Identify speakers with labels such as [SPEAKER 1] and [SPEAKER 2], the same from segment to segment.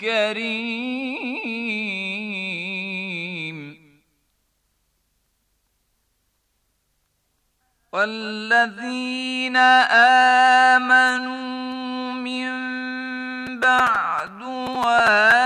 [SPEAKER 1] كريم والذين آمنوا من بعد وآمنوا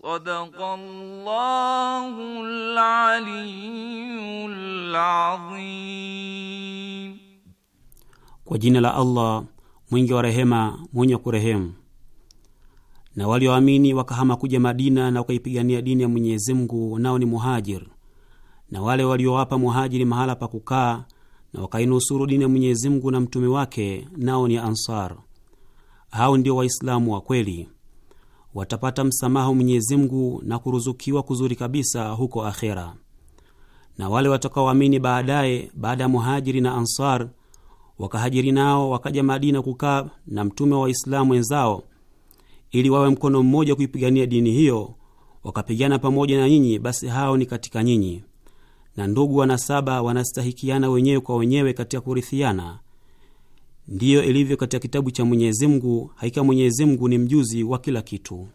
[SPEAKER 1] Sadaqallahul Aliyyul
[SPEAKER 2] Azim. Kwa jina la Allah mwingi wa rehema mwenye kurehemu. Na walioamini wakahama kuja Madina na wakaipigania dini ya Mwenyezi Mungu, nao ni muhajir na wale waliowapa muhajiri mahala pa kukaa na wakainusuru dini ya Mwenyezi Mungu na mtume wake, nao ni ansar. Hao ndio Waislamu wa kweli watapata msamaha Mwenyezi Mungu na kuruzukiwa kuzuri kabisa huko akhera. Na wale watakaoamini baadaye, baada ya Muhajiri na Ansar wakahajiri nao wakaja Madina kukaa na mtume wa Waislamu wenzao ili wawe mkono mmoja kuipigania dini hiyo, wakapigana pamoja na nyinyi, basi hao ni katika nyinyi, na ndugu wanasaba wanastahikiana wenyewe kwa wenyewe katika kurithiana Ndiyo ilivyo katika kitabu cha Mwenyezi Mungu, hakika Mwenyezi Mungu ni mjuzi wa kila kitu.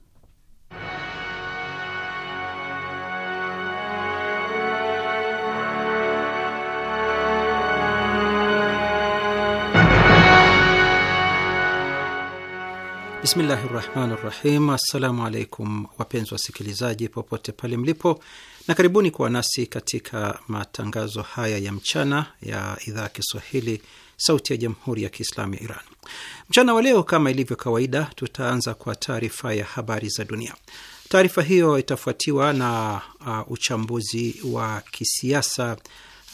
[SPEAKER 3] Bismillahi rahmani rahim. Assalamu alaikum wapenzi wasikilizaji popote pale mlipo, na karibuni kuwa nasi katika matangazo haya ya mchana ya idhaa ya Kiswahili sauti ya jamhuri ya kiislamu ya Iran. Mchana wa leo, kama ilivyo kawaida, tutaanza kwa taarifa ya habari za dunia. Taarifa hiyo itafuatiwa na uh, uchambuzi wa kisiasa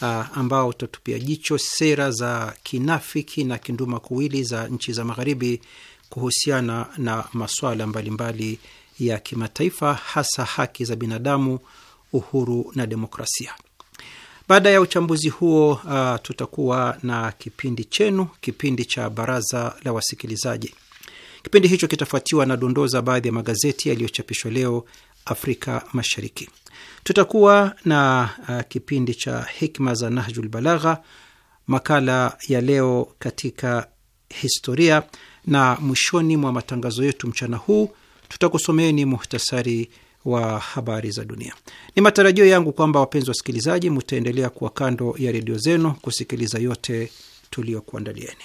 [SPEAKER 3] uh, ambao utatupia jicho sera za kinafiki na kinduma kuwili za nchi za magharibi kuhusiana na masuala mbalimbali ya kimataifa, hasa haki za binadamu, uhuru na demokrasia. Baada ya uchambuzi huo, uh, tutakuwa na kipindi chenu, kipindi cha baraza la wasikilizaji. Kipindi hicho kitafuatiwa na dondoo za baadhi ya magazeti yaliyochapishwa leo Afrika Mashariki. Tutakuwa na uh, kipindi cha hikma za Nahjul Balagha, makala ya leo katika historia, na mwishoni mwa matangazo yetu mchana huu tutakusomeeni muhtasari wa habari za dunia. Ni matarajio yangu kwamba wapenzi wasikilizaji, mutaendelea kuwa kando ya redio zenu kusikiliza yote tuliyokuandalieni.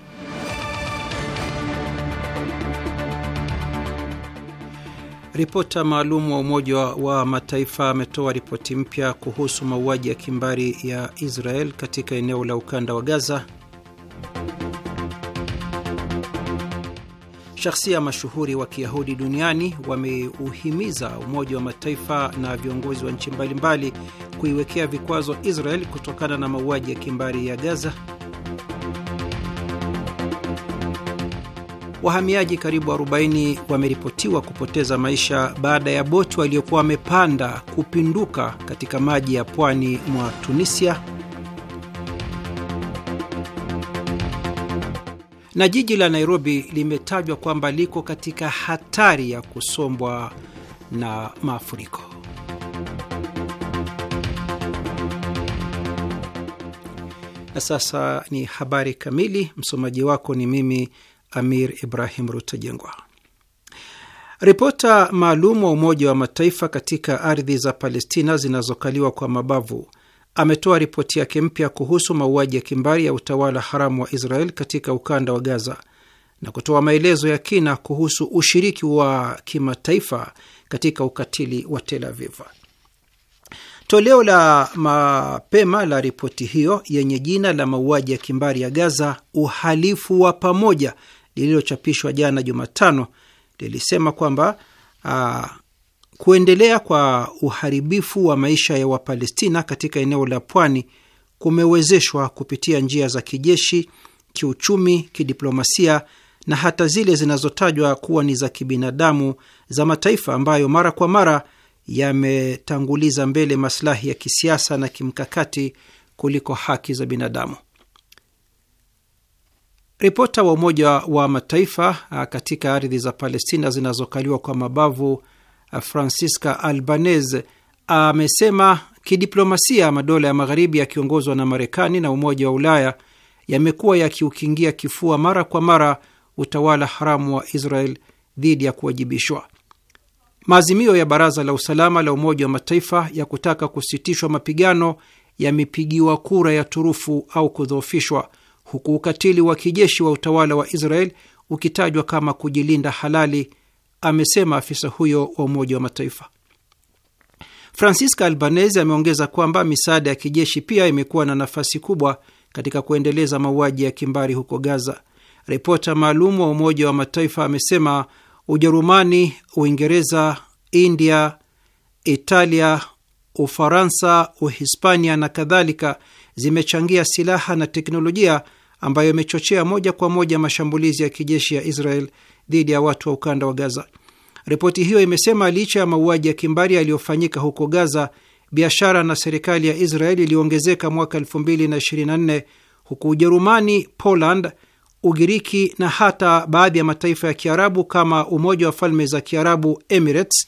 [SPEAKER 3] Ripota maalum wa Umoja wa Mataifa ametoa ripoti mpya kuhusu mauaji ya kimbari ya Israel katika eneo la ukanda wa Gaza. Shakhsia mashuhuri wa Kiyahudi duniani wameuhimiza Umoja wa Mataifa na viongozi wa nchi mbalimbali kuiwekea vikwazo Israel kutokana na mauaji ya kimbari ya Gaza. wahamiaji karibu 40 wameripotiwa kupoteza maisha baada ya boti waliokuwa wamepanda kupinduka katika maji ya pwani mwa Tunisia. Na jiji la Nairobi limetajwa kwamba liko katika hatari ya kusombwa na mafuriko. Na sasa ni habari kamili. Msomaji wako ni mimi Amir Ibrahim Rutajengwa. Ripota maalum wa Umoja wa Mataifa katika ardhi za Palestina zinazokaliwa kwa mabavu ametoa ripoti yake mpya kuhusu mauaji ya kimbari ya utawala haramu wa Israel katika ukanda wa Gaza na kutoa maelezo ya kina kuhusu ushiriki wa kimataifa katika ukatili wa Tel Aviv. Toleo la mapema la ripoti hiyo yenye jina la mauaji ya kimbari ya Gaza, uhalifu wa pamoja lililochapishwa jana Jumatano lilisema kwamba uh, kuendelea kwa uharibifu wa maisha ya Wapalestina katika eneo la pwani kumewezeshwa kupitia njia za kijeshi, kiuchumi, kidiplomasia na hata zile zinazotajwa kuwa ni za kibinadamu za mataifa ambayo mara kwa mara yametanguliza mbele masilahi ya kisiasa na kimkakati kuliko haki za binadamu. Ripota wa Umoja wa Mataifa ah, katika ardhi za Palestina zinazokaliwa kwa mabavu ah, Francisca Albanese amesema kidiplomasia, madola ya magharibi yakiongozwa na Marekani na Umoja wa Ulaya yamekuwa yakiukingia kifua mara kwa mara utawala haramu wa Israel dhidi ya kuwajibishwa. Maazimio ya Baraza la Usalama la Umoja wa Mataifa ya kutaka kusitishwa mapigano yamepigiwa kura ya turufu au kudhoofishwa huku ukatili wa kijeshi wa utawala wa Israel ukitajwa kama kujilinda halali, amesema afisa huyo wa Umoja wa Mataifa. Francisca Albanese ameongeza kwamba misaada ya kijeshi pia imekuwa na nafasi kubwa katika kuendeleza mauaji ya kimbari huko Gaza. Ripota maalum wa Umoja wa Mataifa amesema Ujerumani, Uingereza, India, Italia, Ufaransa, Uhispania na kadhalika zimechangia silaha na teknolojia ambayo imechochea moja kwa moja mashambulizi ya kijeshi ya Israel dhidi ya watu wa ukanda wa Gaza. Ripoti hiyo imesema licha ya mauaji ya kimbari yaliyofanyika huko Gaza, biashara na serikali ya Israel iliongezeka mwaka 2024 huku Ujerumani, Poland, Ugiriki na hata baadhi ya mataifa ya Kiarabu kama Umoja wa Falme za Kiarabu Emirates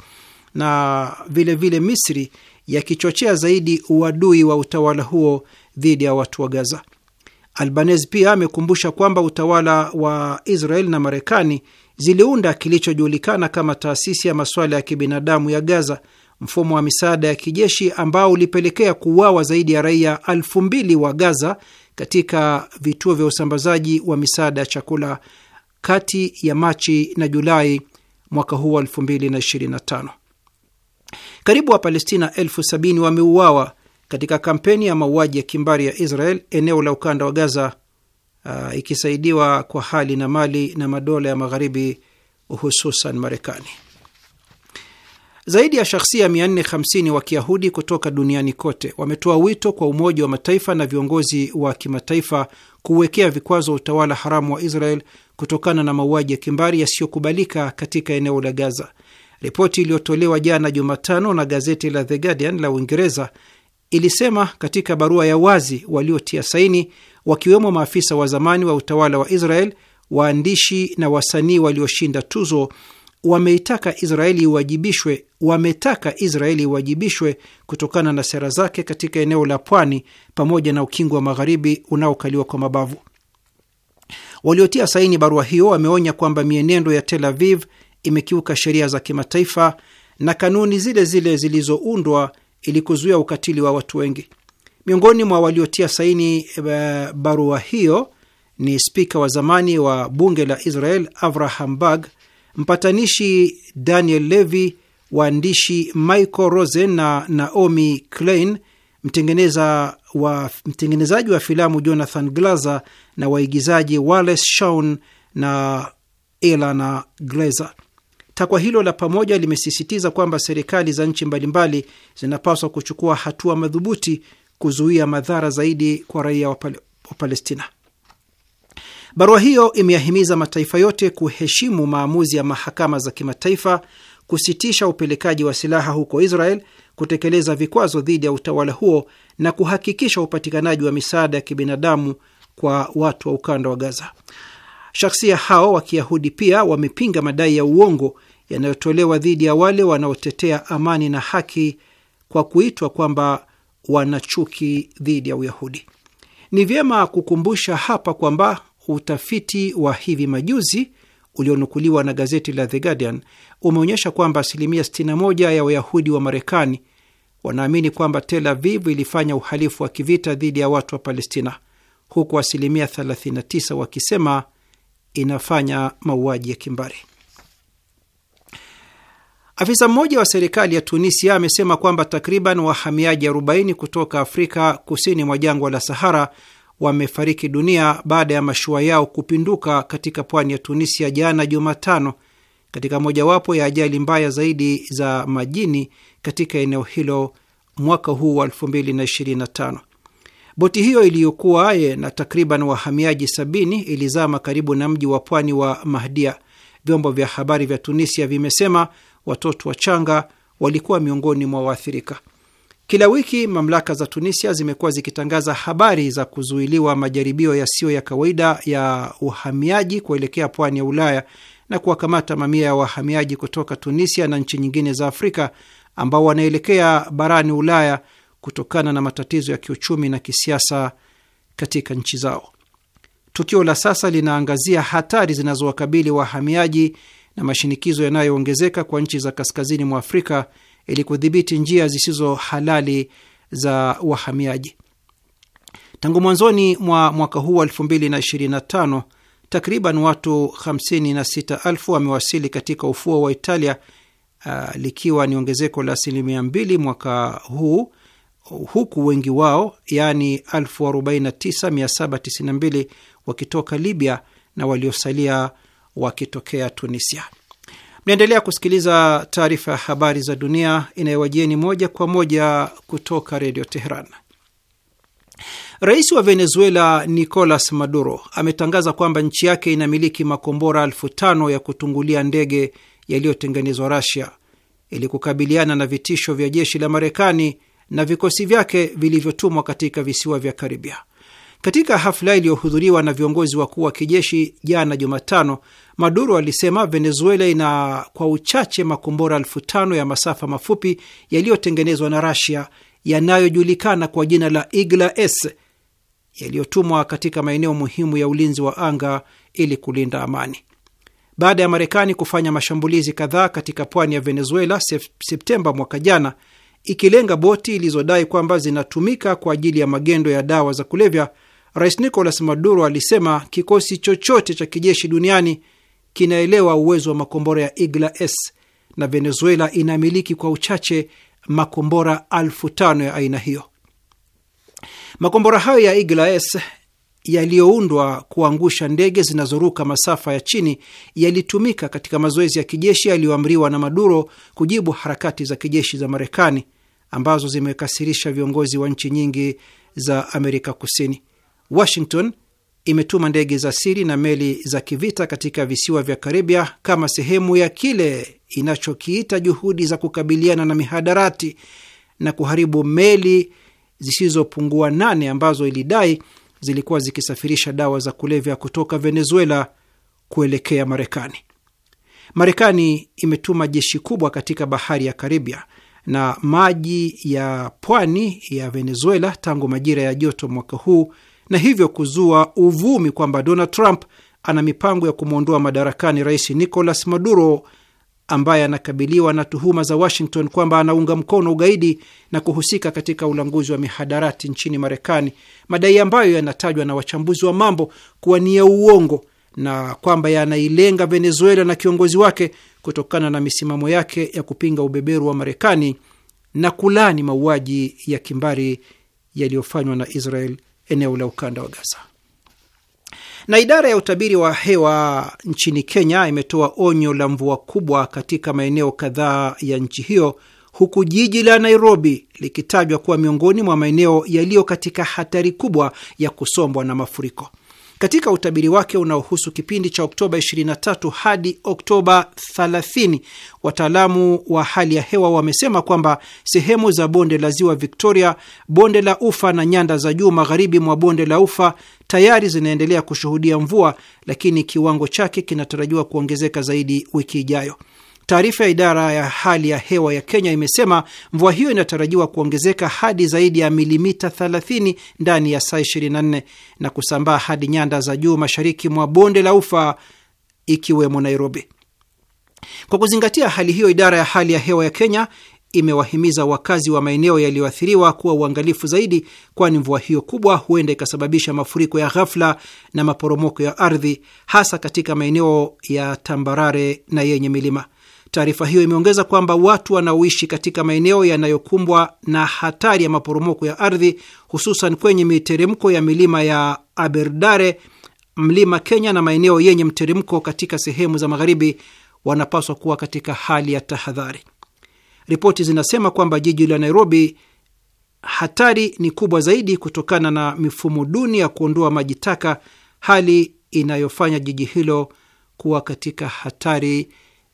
[SPEAKER 3] na vilevile vile Misri yakichochea zaidi uadui wa utawala huo dhidi ya watu wa Gaza. Albanese pia amekumbusha kwamba utawala wa Israel na Marekani ziliunda kilichojulikana kama taasisi ya masuala ya kibinadamu ya Gaza, mfumo wa misaada ya kijeshi ambao ulipelekea kuuawa zaidi ya raia elfu mbili wa Gaza katika vituo vya usambazaji wa misaada ya chakula kati ya Machi na Julai mwaka huu wa 2025. Karibu Wapalestina elfu sabini wameuawa katika kampeni ya mauaji ya kimbari ya Israel eneo la ukanda wa Gaza, uh, ikisaidiwa kwa hali na mali na madola ya magharibi hususan Marekani. Zaidi ya shahsia 450 wa Kiyahudi kutoka duniani kote wametoa wito kwa Umoja wa Mataifa na viongozi wa kimataifa kuwekea vikwazo utawala haramu wa Israel kutokana na mauaji ya kimbari yasiyokubalika katika eneo la Gaza. Ripoti iliyotolewa jana Jumatano na gazeti la The Guardian la Uingereza ilisema katika barua ya wazi waliotia saini, wakiwemo maafisa wa zamani wa utawala wa Israel, waandishi na wasanii walioshinda tuzo wameitaka Israeli iwajibishwe, wametaka Israeli iwajibishwe kutokana na sera zake katika eneo la pwani pamoja na ukingo wa magharibi unaokaliwa kwa mabavu. Waliotia saini barua hiyo wameonya kwamba mienendo ya Tel Aviv imekiuka sheria za kimataifa na kanuni zile zile zilizoundwa ili kuzuia ukatili wa watu wengi. Miongoni mwa waliotia saini eh, barua hiyo ni spika wa zamani wa bunge la Israel Avraham Bag, mpatanishi Daniel Levy, waandishi Michael Rosen na Naomi Klein, mtengeneza wa, mtengenezaji wa filamu Jonathan Glazer na waigizaji Wallace Shawn na Elana Glazer. Takwa hilo la pamoja limesisitiza kwamba serikali za nchi mbalimbali zinapaswa kuchukua hatua madhubuti kuzuia madhara zaidi kwa raia wa Palestina. Barua hiyo imeyahimiza mataifa yote kuheshimu maamuzi ya mahakama za kimataifa, kusitisha upelekaji wa silaha huko Israel, kutekeleza vikwazo dhidi ya utawala huo na kuhakikisha upatikanaji wa misaada ya kibinadamu kwa watu wa ukanda wa Gaza. Shaksia hao wa Kiyahudi pia wamepinga madai ya uongo yanayotolewa dhidi ya wale wanaotetea amani na haki kwa kuitwa kwamba wana chuki dhidi ya Uyahudi. Ni vyema kukumbusha hapa kwamba utafiti wa hivi majuzi ulionukuliwa na gazeti la The Guardian umeonyesha kwamba asilimia 61 ya Wayahudi wa Marekani wanaamini kwamba Tel Aviv ilifanya uhalifu wa kivita dhidi ya watu wa Palestina, huku asilimia 39 wakisema inafanya mauaji ya kimbari. Afisa mmoja wa serikali ya Tunisia amesema kwamba takriban wahamiaji 40 kutoka Afrika kusini mwa jangwa la Sahara wamefariki dunia baada ya mashua yao kupinduka katika pwani ya Tunisia jana Jumatano, katika mojawapo ya ajali mbaya zaidi za majini katika eneo hilo mwaka huu wa Boti hiyo iliyokuwa na takriban wahamiaji sabini ilizama karibu na mji wa pwani wa Mahdia. Vyombo vya habari vya Tunisia vimesema watoto wachanga walikuwa miongoni mwa waathirika. Kila wiki mamlaka za Tunisia zimekuwa zikitangaza habari za kuzuiliwa majaribio yasiyo ya kawaida ya uhamiaji kuelekea pwani ya Ulaya na kuwakamata mamia ya wahamiaji kutoka Tunisia na nchi nyingine za Afrika ambao wanaelekea barani Ulaya kutokana na matatizo ya kiuchumi na kisiasa katika nchi zao. Tukio la sasa linaangazia hatari zinazowakabili wahamiaji na mashinikizo yanayoongezeka kwa nchi za kaskazini mwa Afrika ili kudhibiti njia zisizo halali za wahamiaji. Tangu mwanzoni mwa mwaka huu wa 2025 takriban watu 56,000 wamewasili katika ufuo wa Italia, uh, likiwa ni ongezeko la asilimia 2 mwaka huu huku wengi wao yaani 49792 wakitoka Libya na waliosalia wakitokea Tunisia. Mnaendelea kusikiliza taarifa ya habari za dunia inayowajieni moja kwa moja kutoka redio Teheran. Rais wa Venezuela Nicolas Maduro ametangaza kwamba nchi yake inamiliki makombora elfu tano ya kutungulia ndege yaliyotengenezwa Rasia ili kukabiliana na vitisho vya jeshi la Marekani na vikosi vyake vilivyotumwa katika visiwa vya Karibia. Katika hafla iliyohudhuriwa na viongozi wakuu wa kijeshi jana Jumatano, Maduro alisema Venezuela ina kwa uchache makombora elfu tano ya masafa mafupi yaliyotengenezwa na Rasia yanayojulikana kwa jina la Igla S yaliyotumwa katika maeneo muhimu ya ulinzi wa anga ili kulinda amani. Baada ya Marekani kufanya mashambulizi kadhaa katika pwani ya Venezuela Septemba mwaka jana, ikilenga boti ilizodai kwamba zinatumika kwa ajili ya magendo ya dawa za kulevya, Rais Nicolas Maduro alisema kikosi chochote cha kijeshi duniani kinaelewa uwezo wa makombora ya Igla S na Venezuela inamiliki kwa uchache makombora elfu tano ya aina hiyo. Makombora hayo ya Igla S yaliyoundwa kuangusha ndege zinazoruka masafa ya chini yalitumika katika mazoezi ya kijeshi yaliyoamriwa na Maduro kujibu harakati za kijeshi za Marekani ambazo zimekasirisha viongozi wa nchi nyingi za Amerika Kusini. Washington imetuma ndege za siri na meli za kivita katika visiwa vya Karibia kama sehemu ya kile inachokiita juhudi za kukabiliana na mihadarati na kuharibu meli zisizopungua nane ambazo ilidai zilikuwa zikisafirisha dawa za kulevya kutoka Venezuela kuelekea Marekani. Marekani imetuma jeshi kubwa katika bahari ya Karibia na maji ya pwani ya Venezuela tangu majira ya joto mwaka huu na hivyo kuzua uvumi kwamba Donald Trump ana mipango ya kumwondoa madarakani Rais Nicolas Maduro ambaye anakabiliwa na tuhuma za Washington kwamba anaunga mkono ugaidi na kuhusika katika ulanguzi wa mihadarati nchini Marekani, madai ambayo yanatajwa na wachambuzi wa mambo kuwa ni ya uongo na kwamba yanailenga Venezuela na kiongozi wake kutokana na misimamo yake ya kupinga ubeberu wa Marekani na kulani mauaji ya kimbari yaliyofanywa na Israel eneo la ukanda wa Gaza. Na idara ya utabiri wa hewa nchini Kenya imetoa onyo la mvua kubwa katika maeneo kadhaa ya nchi hiyo huku jiji la Nairobi likitajwa kuwa miongoni mwa maeneo yaliyo katika hatari kubwa ya kusombwa na mafuriko. Katika utabiri wake unaohusu kipindi cha Oktoba 23 hadi Oktoba 30, wataalamu wa hali ya hewa wamesema kwamba sehemu za bonde la ziwa Victoria, bonde la Ufa na nyanda za juu magharibi mwa bonde la Ufa tayari zinaendelea kushuhudia mvua, lakini kiwango chake kinatarajiwa kuongezeka zaidi wiki ijayo. Taarifa ya idara ya hali ya hewa ya Kenya imesema mvua hiyo inatarajiwa kuongezeka hadi zaidi ya milimita 30 ndani ya saa 24 na kusambaa hadi nyanda za juu mashariki mwa bonde la Ufa ikiwemo Nairobi. Kwa kuzingatia hali hiyo, idara ya hali ya hewa ya Kenya imewahimiza wakazi wa maeneo yaliyoathiriwa kuwa uangalifu zaidi, kwani mvua hiyo kubwa huenda ikasababisha mafuriko ya ghafla na maporomoko ya ardhi, hasa katika maeneo ya tambarare na yenye milima. Taarifa hiyo imeongeza kwamba watu wanaoishi katika maeneo yanayokumbwa na hatari ya maporomoko ya ardhi, hususan kwenye miteremko ya milima ya Aberdare, mlima Kenya na maeneo yenye mteremko katika sehemu za magharibi, wanapaswa kuwa katika hali ya tahadhari. Ripoti zinasema kwamba jiji la Nairobi hatari ni kubwa zaidi kutokana na mifumo duni ya kuondoa maji taka, hali inayofanya jiji hilo kuwa katika hatari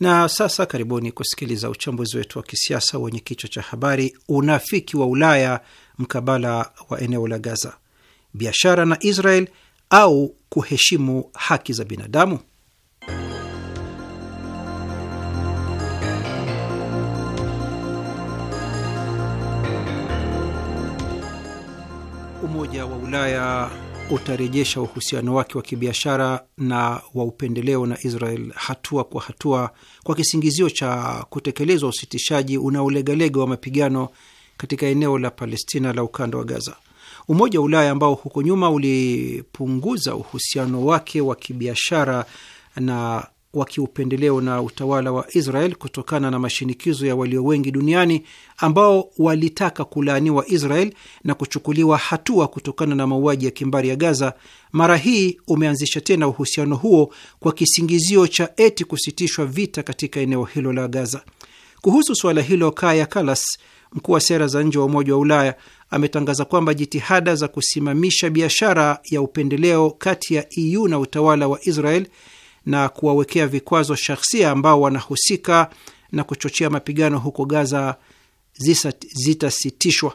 [SPEAKER 3] Na sasa karibuni kusikiliza uchambuzi wetu wa kisiasa wenye kichwa cha habari unafiki wa Ulaya mkabala wa eneo la Gaza, biashara na Israel au kuheshimu haki za binadamu. Umoja wa Ulaya utarejesha uhusiano wake wa kibiashara na wa upendeleo na Israel hatua kwa hatua kwa kisingizio cha kutekelezwa usitishaji unaolegalega wa mapigano katika eneo la Palestina la ukanda wa Gaza. Umoja wa Ulaya ambao huko nyuma ulipunguza uhusiano wake wa kibiashara na wa kiupendeleo na utawala wa Israel kutokana na mashinikizo ya walio wengi duniani ambao walitaka kulaaniwa Israel na kuchukuliwa hatua kutokana na mauaji ya kimbari ya Gaza, mara hii umeanzisha tena uhusiano huo kwa kisingizio cha eti kusitishwa vita katika eneo hilo la Gaza. Kuhusu suala hilo, kaya kalas mkuu wa sera za nje wa Umoja wa Ulaya, ametangaza kwamba jitihada za kusimamisha biashara ya upendeleo kati ya EU na utawala wa Israel na kuwawekea vikwazo shahsia ambao wanahusika na kuchochea mapigano huko Gaza zitasitishwa.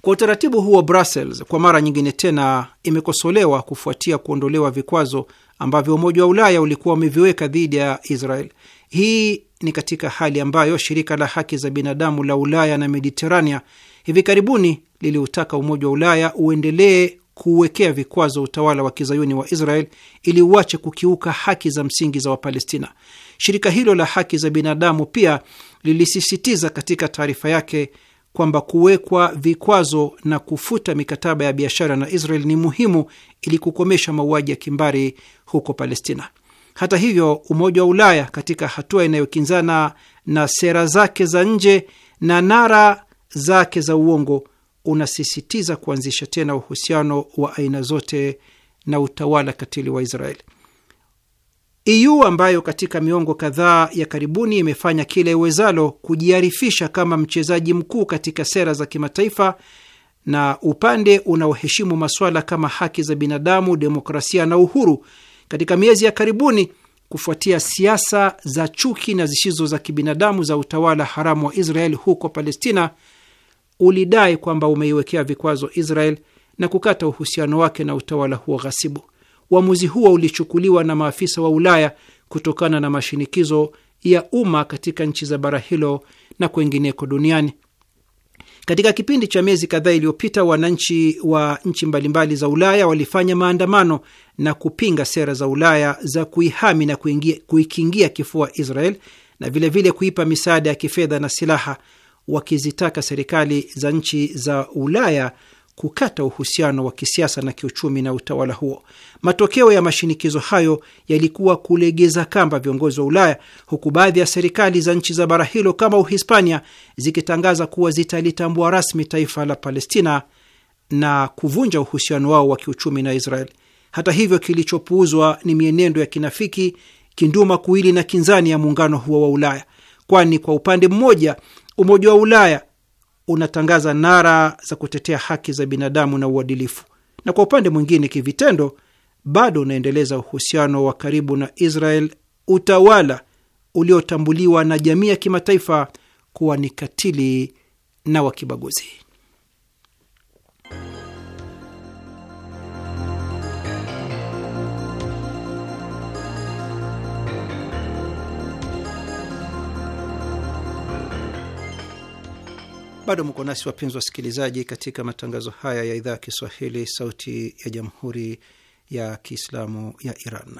[SPEAKER 3] Kwa utaratibu huo, Brussels kwa mara nyingine tena imekosolewa kufuatia kuondolewa vikwazo ambavyo Umoja wa Ulaya ulikuwa umeviweka dhidi ya Israel. Hii ni katika hali ambayo shirika la haki za binadamu la Ulaya na Mediterania hivi karibuni liliutaka Umoja wa Ulaya uendelee kuuwekea vikwazo utawala wa kizayuni wa Israel ili uache kukiuka haki za msingi za Wapalestina. Shirika hilo la haki za binadamu pia lilisisitiza katika taarifa yake kwamba kuwekwa vikwazo na kufuta mikataba ya biashara na Israel ni muhimu ili kukomesha mauaji ya kimbari huko Palestina. Hata hivyo, Umoja wa Ulaya katika hatua inayokinzana na sera zake za nje na nara zake za uongo unasisitiza kuanzisha tena uhusiano wa aina zote na utawala katili wa israel EU ambayo katika miongo kadhaa ya karibuni imefanya kile iwezalo kujiarifisha kama mchezaji mkuu katika sera za kimataifa na upande unaoheshimu masuala kama haki za binadamu, demokrasia na uhuru, katika miezi ya karibuni, kufuatia siasa za chuki na zisizo za kibinadamu za utawala haramu wa israel huko Palestina, ulidai kwamba umeiwekea vikwazo Israel na kukata uhusiano wake na utawala huo ghasibu. Uamuzi huo ulichukuliwa na maafisa wa Ulaya kutokana na mashinikizo ya umma katika nchi za bara hilo na kwengineko duniani. Katika kipindi cha miezi kadhaa iliyopita, wananchi wa nchi mbalimbali za Ulaya walifanya maandamano na kupinga sera za Ulaya za kuihami na kuingia, kuikingia kifua Israel na vilevile vile kuipa misaada ya kifedha na silaha wakizitaka serikali za nchi za Ulaya kukata uhusiano wa kisiasa na kiuchumi na utawala huo. Matokeo ya mashinikizo hayo yalikuwa kulegeza kamba viongozi wa Ulaya, huku baadhi ya serikali za nchi za bara hilo kama Uhispania zikitangaza kuwa zitalitambua rasmi taifa la Palestina na kuvunja uhusiano wao wa kiuchumi na Israel. Hata hivyo, kilichopuuzwa ni mienendo ya kinafiki, kinduma kuili na kinzani ya muungano huo wa Ulaya, kwani kwa upande mmoja Umoja wa Ulaya unatangaza nara za kutetea haki za binadamu na uadilifu, na kwa upande mwingine, kivitendo bado unaendeleza uhusiano wa karibu na Israel, utawala uliotambuliwa na jamii ya kimataifa kuwa ni katili na wakibaguzi. Bado mko nasi wapenzi wasikilizaji, katika matangazo haya ya idhaa ya Kiswahili, Sauti ya Jamhuri ya Kiislamu ya Iran.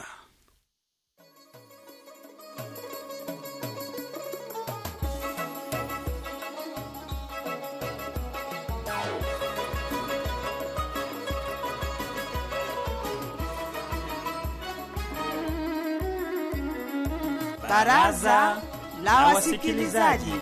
[SPEAKER 4] Baraza la Wasikilizaji.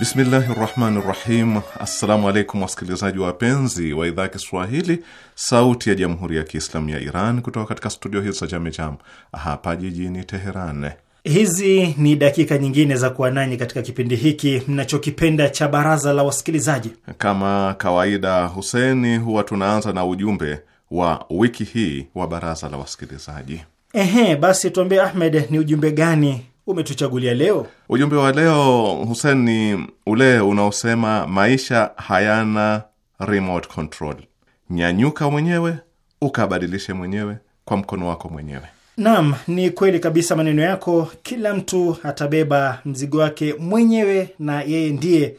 [SPEAKER 5] Bismillahi rahmani rahim. Assalamu alaikum wasikilizaji wapenzi wa idhaa ya Kiswahili sauti ya jamhuri ya Kiislamu ya Iran kutoka katika studio hizi za Jamejam hapa jijini Teheran.
[SPEAKER 6] Hizi ni dakika nyingine za kuwa nanyi katika kipindi hiki mnachokipenda
[SPEAKER 5] cha baraza la wasikilizaji. Kama kawaida, Huseni, huwa tunaanza na ujumbe wa wiki hii wa baraza la wasikilizaji.
[SPEAKER 6] Ehe, basi tuambie Ahmed, ni ujumbe gani umetuchagulia leo.
[SPEAKER 5] Ujumbe wa leo Hussein, ni ule unaosema maisha hayana remote control, nyanyuka mwenyewe ukabadilishe mwenyewe kwa mkono wako mwenyewe.
[SPEAKER 6] Naam, ni kweli kabisa maneno yako. Kila mtu atabeba mzigo wake mwenyewe na yeye ndiye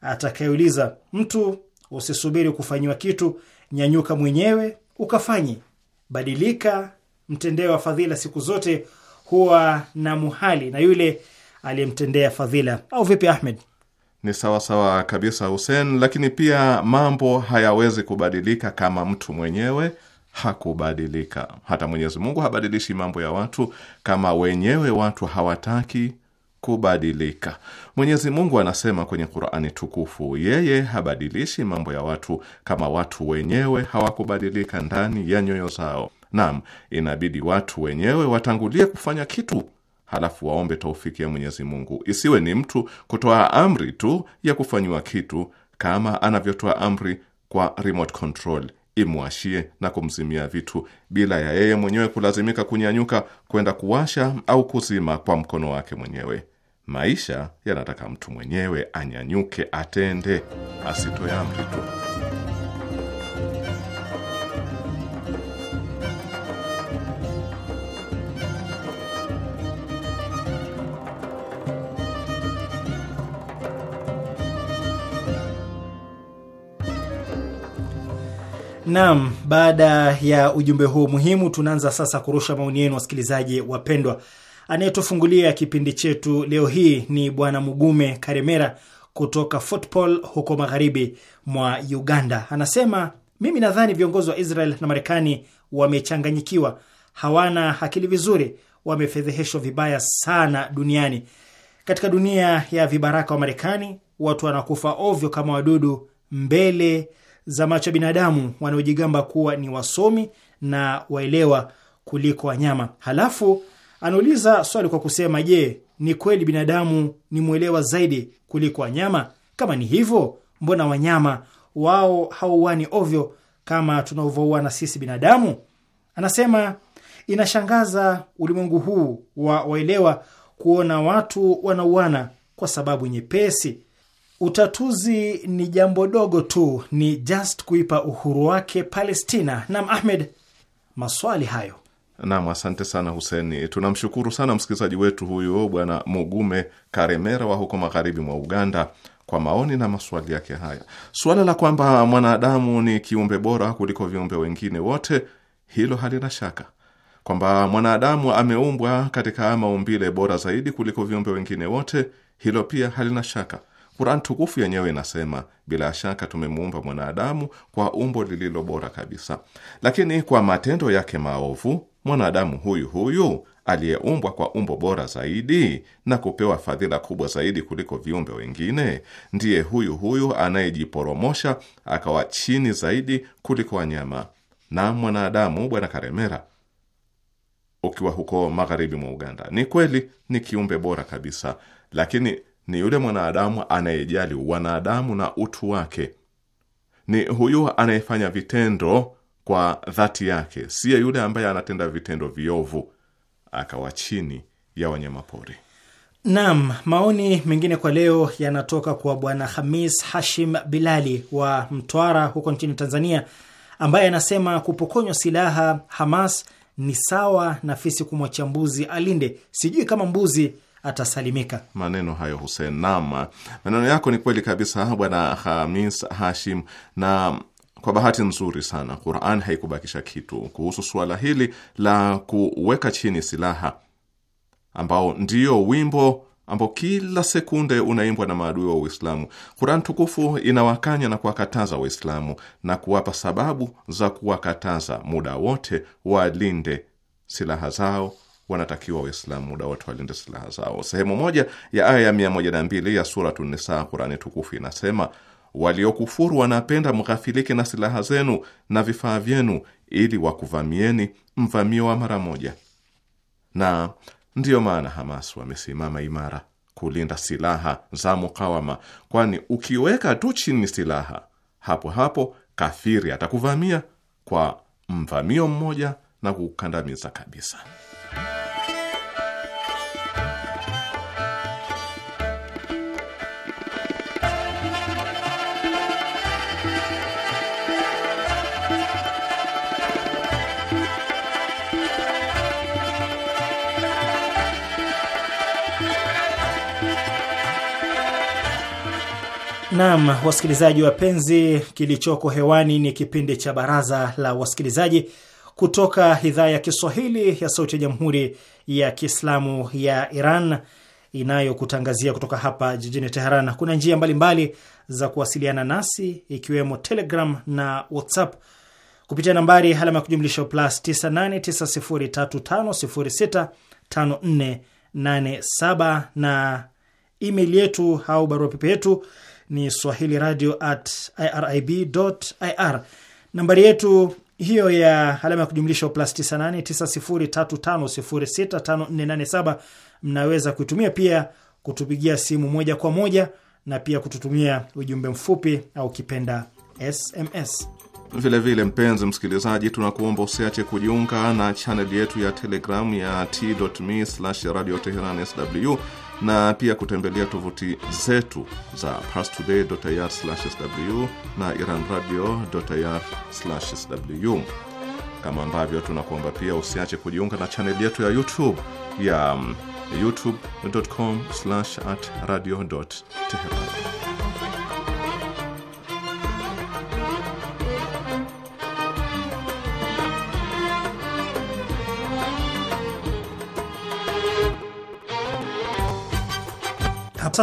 [SPEAKER 6] atakayeuliza. Mtu usisubiri kufanyiwa kitu, nyanyuka mwenyewe ukafanye. Badilika, mtendee wa fadhila siku zote kuwa na muhali na yule aliyemtendea fadhila, au vipi Ahmed?
[SPEAKER 5] Ni sawa sawa kabisa Hussein, lakini pia mambo hayawezi kubadilika kama mtu mwenyewe hakubadilika. Hata Mwenyezi Mungu habadilishi mambo ya watu kama wenyewe watu hawataki kubadilika. Mwenyezi Mungu anasema kwenye Qur'ani tukufu, yeye habadilishi mambo ya watu kama watu wenyewe hawakubadilika ndani ya nyoyo zao. Naam, inabidi watu wenyewe watangulie kufanya kitu, halafu waombe taufiki ya Mwenyezi Mungu. Isiwe ni mtu kutoa amri tu ya kufanyiwa kitu, kama anavyotoa amri kwa remote control imwashie na kumzimia vitu bila ya yeye mwenyewe kulazimika kunyanyuka kwenda kuwasha au kuzima kwa mkono wake mwenyewe. Maisha yanataka mtu mwenyewe anyanyuke, atende, asitoe amri tu.
[SPEAKER 6] Naam, baada ya ujumbe huo muhimu, tunaanza sasa kurusha maoni yenu, wasikilizaji wapendwa. Anayetufungulia kipindi chetu leo hii ni Bwana Mugume Karemera kutoka Fort huko magharibi mwa Uganda. Anasema, mimi nadhani viongozi wa Israel na Marekani wamechanganyikiwa, hawana akili vizuri, wamefedheheshwa vibaya sana duniani. Katika dunia ya vibaraka wa Marekani watu wanakufa ovyo kama wadudu mbele za macho ya binadamu wanaojigamba kuwa ni wasomi na waelewa kuliko wanyama. Halafu anauliza swali kwa kusema, je, ni kweli binadamu ni mwelewa zaidi kuliko wanyama? Kama ni hivyo, mbona wanyama wao hauani ovyo kama tunavyouana sisi binadamu? Anasema inashangaza ulimwengu huu wa waelewa kuona watu wanauana kwa sababu nyepesi Utatuzi ni jambo dogo tu, ni just kuipa uhuru wake Palestina. Nam Ahmed, maswali hayo.
[SPEAKER 5] Nam, asante sana Huseni. Tunamshukuru sana msikilizaji wetu huyu Bwana Mugume Karemera wa huko magharibi mwa Uganda kwa maoni na maswali yake haya. Suala la kwamba mwanadamu ni kiumbe bora kuliko viumbe wengine wote, hilo halina shaka kwamba mwanadamu ameumbwa katika maumbile bora zaidi kuliko viumbe wengine wote, hilo pia halina shaka. Quran tukufu yenyewe inasema, bila shaka tumemuumba mwanadamu kwa umbo lililo bora kabisa, lakini kwa matendo yake maovu mwanadamu huyu huyu aliyeumbwa kwa umbo bora zaidi na kupewa fadhila kubwa zaidi kuliko viumbe wengine, ndiye huyu huyu anayejiporomosha akawa chini zaidi kuliko wanyama na mwanadamu. Bwana Karemera, ukiwa huko magharibi mwa Uganda, ni kweli ni kiumbe bora kabisa, lakini ni yule mwanadamu anayejali wanadamu na utu wake. Ni huyu anayefanya vitendo kwa dhati yake, siye yule ambaye anatenda vitendo viovu akawa chini ya wanyamapori.
[SPEAKER 6] Naam, maoni mengine kwa leo yanatoka kwa Bwana Hamis Hashim Bilali wa Mtwara huko nchini Tanzania, ambaye anasema kupokonywa silaha Hamas ni sawa na fisi kumwacha mbuzi alinde. Sijui kama mbuzi atasalimika.
[SPEAKER 5] Maneno hayo Hussein Nama, maneno yako ni kweli kabisa bwana Hamis Hashim, na kwa bahati nzuri sana Quran haikubakisha kitu kuhusu suala hili la kuweka chini silaha, ambao ndio wimbo ambao kila sekunde unaimbwa na maadui wa Uislamu. Quran tukufu inawakanya na kuwakataza Waislamu na kuwapa sababu za kuwakataza muda wote walinde silaha zao wanatakiwa Waislamu muda wote walinde silaha zao. Sehemu moja ya aya ya mia moja na mbili ya Suratu Nisaa Kurani tukufu inasema waliokufuru wanapenda mghafilike na silaha zenu na vifaa vyenu, ili wakuvamieni mvamio wa mara moja. Na ndiyo maana Hamas wamesimama imara kulinda silaha za mukawama, kwani ukiweka tu chini silaha, hapo hapo kafiri atakuvamia kwa mvamio mmoja na kukandamiza kabisa.
[SPEAKER 6] Naam, wasikilizaji wapenzi, kilichoko hewani ni kipindi cha Baraza la Wasikilizaji kutoka idhaa ya Kiswahili ya Sauti ya Jamhuri ya Kiislamu ya Iran inayokutangazia kutoka hapa jijini Teheran. Kuna njia mbalimbali mbali za kuwasiliana nasi ikiwemo Telegram na WhatsApp kupitia nambari alama ya kujumlisha plus 989035065487 na email yetu au barua pepe yetu ni swahili radio at irib ir. Nambari yetu hiyo ya alama ya kujumlisha plus 989035065487 mnaweza kuitumia pia kutupigia simu moja kwa moja na pia kututumia ujumbe mfupi au kipenda SMS.
[SPEAKER 5] Vilevile vile, mpenzi msikilizaji, tunakuomba usiache kujiunga na chaneli yetu ya Telegram ya t.me/radio teheran sw na pia kutembelea tovuti zetu za parstoday.ir/sw na iranradio.ir/sw, kama ambavyo tunakuomba pia usiache kujiunga na chaneli yetu ya YouTube ya mm, youtube.com/@radio.teheran.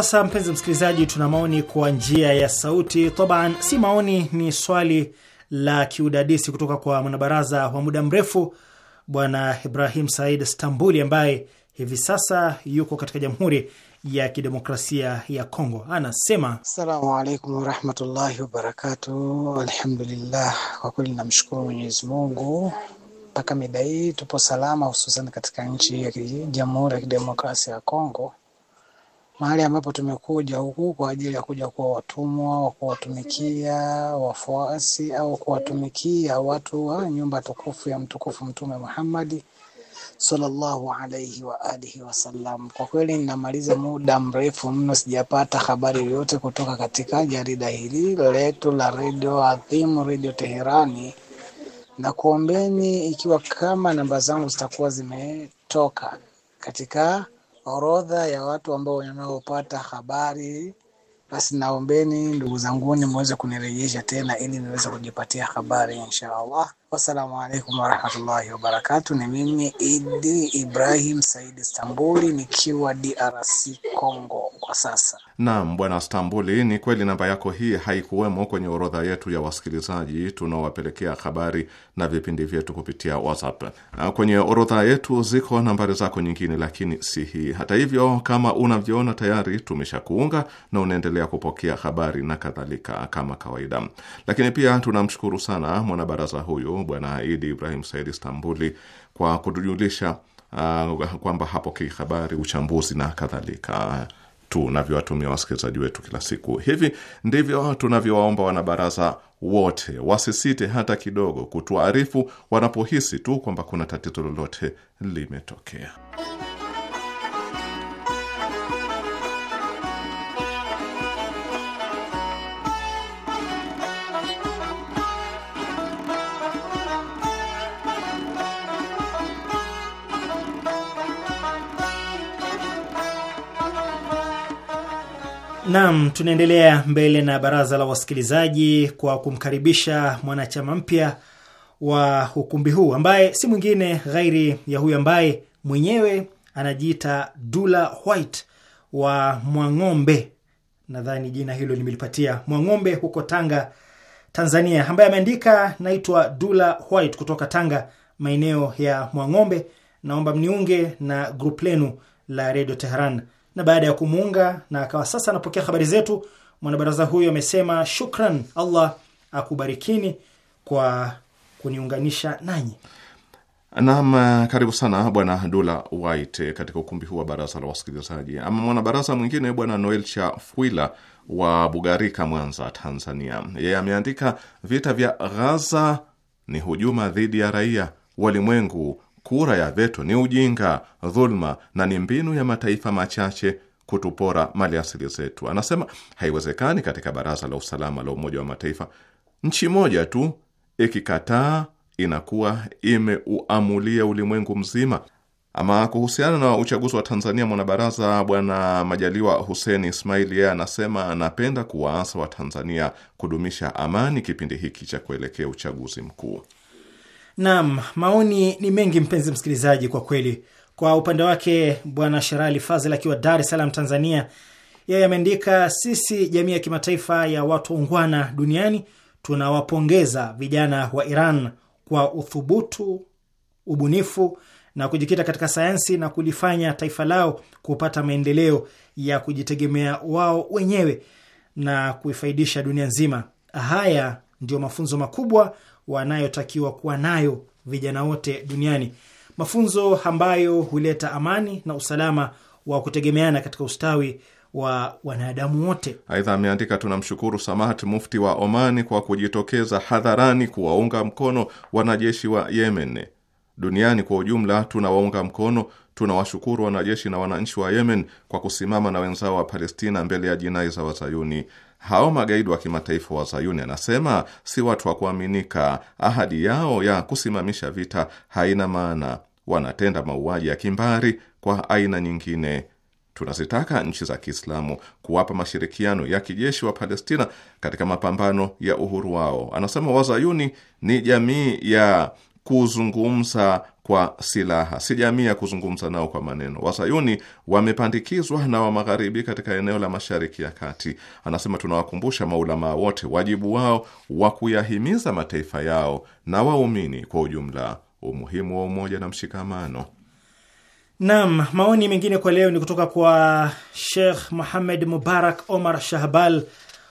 [SPEAKER 6] sasa, mpenzi msikilizaji, tuna maoni kwa njia ya sauti taban, si maoni, ni swali la kiudadisi kutoka kwa mwanabaraza wa muda mrefu Bwana Ibrahim Said Stambuli ambaye hivi sasa yuko katika Jamhuri ya Kidemokrasia ya Kongo. Anasema,
[SPEAKER 4] assalamu alaikum warahmatullahi wabarakatu. Alhamdulillah, kwa kweli namshukuru Mwenyezi Mungu mpaka mida hii tupo salama, hususan katika nchi ya Jamhuri ya Kidemokrasia ya Kongo mahali ambapo tumekuja huku kwa ajili ya kuja kuwa watumwa wa kuwatumikia wafuasi au kuwatumikia watu wa nyumba tukufu ya mtukufu Mtume Muhammad sallallahu alaihi wa alihi wasallam. Kwa kweli ninamaliza muda mrefu mno, sijapata habari yoyote kutoka katika jarida hili letu la redio adhimu, Redio Teherani, na kuombeni ikiwa kama namba zangu zitakuwa zimetoka katika orodha ya watu ambao wanaopata habari. Basi naombeni ndugu zanguni muweze kunirejesha tena, ili niweze kujipatia habari insha Allah. Wassalamu alaikum warahmatullahi wabarakatu. Ni mimi Idi Ibrahim Said Stambuli nikiwa DRC Congo kwa sasa.
[SPEAKER 5] Naam, Bwana Stambuli, ni kweli namba yako hii haikuwemo kwenye orodha yetu ya wasikilizaji tunaowapelekea habari na vipindi vyetu kupitia WhatsApp. Ah, kwenye orodha yetu ziko nambari zako nyingine, lakini si hii. Hata hivyo, kama unavyoona tayari tumeshakuunga na unaendelea kupokea habari na kadhalika kama kawaida. Lakini pia tunamshukuru sana mwanabaraza huyu Bwana Idi Ibrahim Said Istambuli kwa kutujulisha uh, kwamba hapo kihabari uchambuzi na kadhalika tunavyowatumia wasikilizaji wetu kila siku. Hivi ndivyo tunavyowaomba wanabaraza wote, wasisite hata kidogo kutuarifu wanapohisi tu kwamba kuna tatizo lolote limetokea.
[SPEAKER 6] Naam, tunaendelea mbele na baraza la wasikilizaji kwa kumkaribisha mwanachama mpya wa ukumbi huu ambaye si mwingine ghairi ya huyu ambaye mwenyewe anajiita Dula White wa Mwang'ombe. Nadhani jina hilo limelipatia Mwang'ombe huko Tanga, Tanzania, ambaye ameandika naitwa Dula White kutoka Tanga, maeneo ya Mwang'ombe. Naomba mniunge na grup lenu la redio teheran na baada ya kumuunga na akawa sasa anapokea habari zetu, mwanabaraza huyo amesema shukran, Allah akubarikini kwa kuniunganisha
[SPEAKER 5] nanyi. Naam, karibu sana bwana Dula White katika ukumbi huu wa baraza la wasikilizaji. Ama mwanabaraza mwingine bwana Noel Fuila wa Bugarika, Mwanza, Tanzania, yeye ameandika vita vya Ghaza ni hujuma dhidi ya raia walimwengu Kura ya veto ni ujinga, dhuluma na ni mbinu ya mataifa machache kutupora mali asili zetu. Anasema haiwezekani katika Baraza la Usalama la Umoja wa Mataifa nchi moja tu ikikataa inakuwa imeuamulia ulimwengu mzima. Ama kuhusiana na uchaguzi wa Tanzania, mwanabaraza Bwana Majaliwa Hussein Ismail yeye anasema anapenda kuwaasa Watanzania kudumisha amani kipindi hiki cha kuelekea uchaguzi mkuu.
[SPEAKER 6] Naam, maoni ni mengi mpenzi msikilizaji, kwa kweli. Kwa upande wake bwana Sherali Fazil akiwa Dar es Salaam, Tanzania, yeye ameandika, sisi jamii ya kimataifa ya watu ungwana duniani tunawapongeza vijana wa Iran kwa uthubutu, ubunifu na kujikita katika sayansi na kulifanya taifa lao kupata maendeleo ya kujitegemea wao wenyewe na kuifaidisha dunia nzima. Haya ndiyo mafunzo makubwa wanayotakiwa kuwa nayo vijana wote duniani, mafunzo ambayo huleta amani na usalama wa kutegemeana katika ustawi wa wanadamu wote.
[SPEAKER 5] Aidha ameandika tunamshukuru Samahat Mufti wa Omani kwa kujitokeza hadharani kuwaunga mkono wanajeshi wa Yemen. Duniani kwa ujumla tunawaunga mkono, tunawashukuru wanajeshi na wananchi wa Yemen kwa kusimama na wenzao wa Palestina mbele ya jinai za Wazayuni hao magaidi wa kimataifa wa Zayuni, anasema si watu wa kuaminika. Ahadi yao ya kusimamisha vita haina maana, wanatenda mauaji ya kimbari kwa aina nyingine. Tunazitaka nchi za Kiislamu kuwapa mashirikiano ya kijeshi wa Palestina katika mapambano ya uhuru wao. Anasema Wazayuni ni jamii ya kuzungumza kwa silaha, si jamii ya kuzungumza nao kwa maneno. Wasayuni wamepandikizwa na wa magharibi katika eneo la mashariki ya kati. Anasema, tunawakumbusha maulamaa wote wajibu wao wa kuyahimiza mataifa yao na waumini kwa ujumla umuhimu wa umoja na mshikamano.
[SPEAKER 6] Naam, maoni mengine kwa leo ni kutoka kwa Sheikh Muhammad Mubarak Omar Shahbal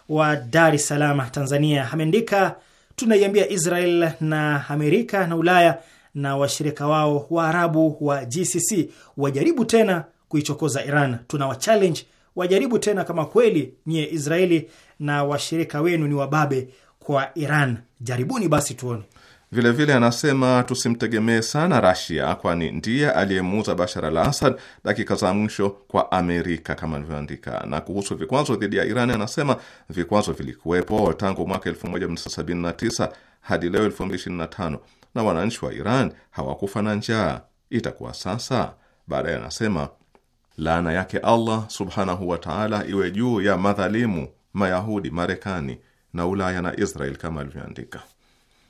[SPEAKER 6] wa Dar es Salaam, Tanzania. Ameandika tunaiambia Israel na Amerika na Ulaya na washirika wao wa arabu wa GCC wajaribu tena kuichokoza Iran. Tuna wachallenge wajaribu tena, kama kweli nyie Israeli na washirika wenu ni wababe kwa Iran, jaribuni basi tuone.
[SPEAKER 5] Vilevile vile anasema tusimtegemee sana Rasia, kwani ndiye aliyemuuza Bashar al Assad dakika za mwisho kwa Amerika kama alivyoandika. Na kuhusu vikwazo dhidi ya Iran anasema vikwazo vilikuwepo tangu mwaka 1979 hadi leo 2025 na wananchi wa Iran hawakufa na njaa, itakuwa sasa baadaye. Anasema laana yake Allah subhanahu wa taala iwe juu ya madhalimu Mayahudi, Marekani na Ulaya na Israel kama alivyoandika.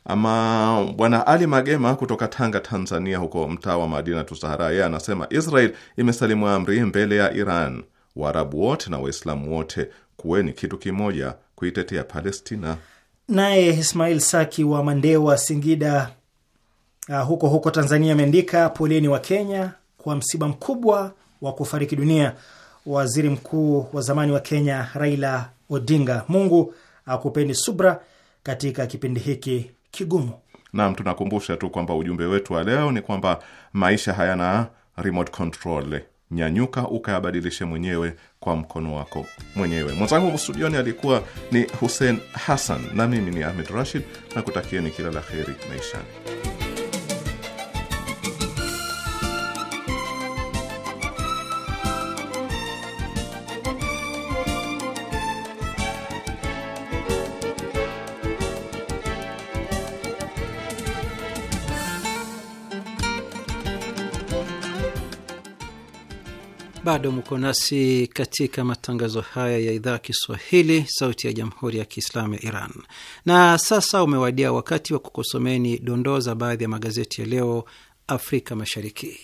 [SPEAKER 5] Ama bwana Ali Magema kutoka Tanga, Tanzania, huko mtaa wa Madina Tusahara, yeye anasema Israel imesalimu amri mbele ya Iran. Waarabu wote na Waislamu wote kuweni kitu kimoja kuitetea Palestina.
[SPEAKER 6] Naye Ismail Saki wa Mandewa, Singida, uh, huko huko Tanzania ameandika poleni wa Kenya kwa msiba mkubwa wa kufariki dunia waziri mkuu wa zamani wa Kenya Raila Odinga. Mungu akupeni subra katika kipindi hiki kigumu.
[SPEAKER 5] Naam, tunakumbusha tu kwamba ujumbe wetu wa leo ni kwamba maisha hayana remote control. Nyanyuka ukayabadilishe mwenyewe kwa mkono wako mwenyewe. Mwenzangu studioni alikuwa ni Hussein Hassan na mimi ni Ahmed Rashid, na kutakieni kila la heri maishani.
[SPEAKER 3] Bado mko nasi katika matangazo haya ya idhaa Kiswahili, sauti ya jamhuri ya kiislamu ya Iran. Na sasa umewadia wakati wa kukosomeni dondoo za baadhi ya magazeti ya leo Afrika Mashariki.